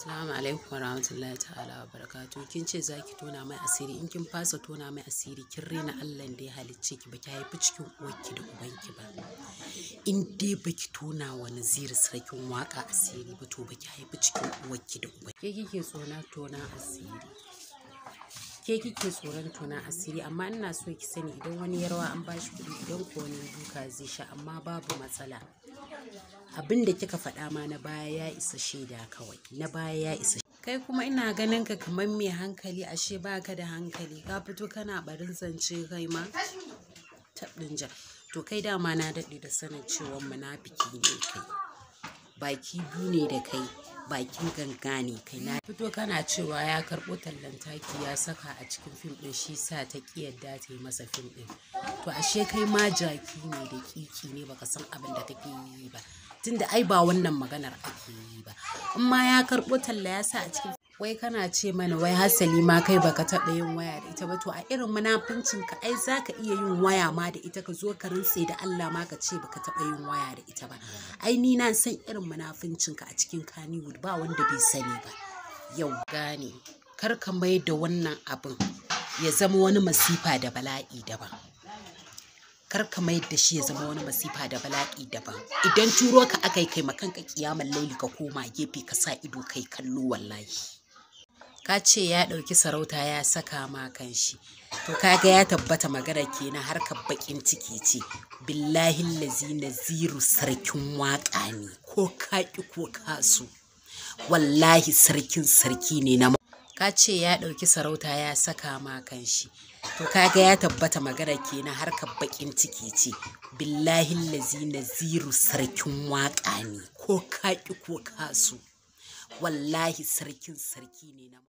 Assalamu alaikum warahmatullahi ta'ala wa barakatuh. Kin ce zaki tona mai asiri in kin fasa tona mai asiri kin rena Allah da ya halicce ki baki haifi cikin uwarki da ubanki ba. In dai baki tona wa naziri sarkin waka asiri ba to baki haifi cikin uwarki da ubanki. Ke kike tsona tona asiri. Ke kike tsoron tona asiri amma ina so ki sani idan wani yarwa an bashi kuɗi idan ko wani duka zai sha amma babu matsala. abin da kika faɗa ma na baya ya isa shaida kawai na baya ya isa kai kuma ina ganin ka kamar mai hankali ashe baka da hankali ka fito kana barin zance kai ma tabdin ja to kai dama na daɗe da sanin cewa munafiki ne kai baki biyu ne da kai bakin ganga ne kai na fito kana cewa ya karɓo tallan taki ya saka a cikin fim ɗin shi sa ta ƙi da ta yi masa fim ɗin to ashe kai ma jaki ne da kiki ne baka san abin da kake yi ba tunda ai ba wannan maganar ake yi ba amma ya karɓo talla ya sa a cikin wai kana ce mana wai hasali ma kai baka taɓa yin waya da ita ba to a irin munafincin ka ai zaka iya yin waya ma da ita ka zo ka rintse da Allah ma ka ce baka taɓa yin waya da ita ba ai ni na san irin munafincin ka a cikin Kannywood ba wanda bai sani ba yau gane kar ka mai da wannan abin ya zama wani masifa da bala'i daban kar ka mayar da shi ya zama wani masifa da bala'i daban idan turo ka aka yi kai ka kiyamar lauli ka koma gefe ka sa ido kai kallo wallahi ka ce ya ɗauki sarauta ya saka ma kan shi to kaga ya tabbata magana kenan harkar bakin ciki ce billahi lazi na ziru sarkin waƙa ne ko kaki ko kasu. wallahi sarkin sarki ne na ka ce ya ɗauki sarauta ya saka ma kan shi to kaga ya tabbata magana kenan harkar bakin ciki ce billahi lazi na ziru sarkin waƙa ne ko kaƙi ko kasu wallahi sarkin sarki ne na